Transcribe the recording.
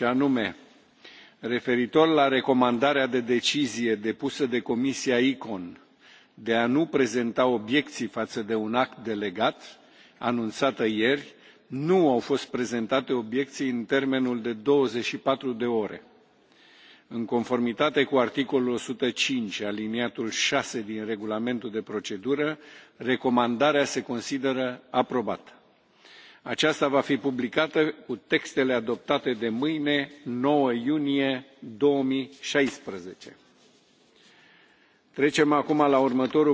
și anume referitor la recomandarea de decizie depusă de comisia econ de a nu prezenta obiecții față de un act delegat anunțată ieri nu au fost prezentate obiecții în termenul de douăzeci și patru de ore. în conformitate cu articolul o sută cinci alineatul șase din regulamentul de procedură recomandarea se consideră aprobată aceasta va fi publicată cu textele adoptate de mâine nouă iunie. două mii șaisprezece trecem acum la următorul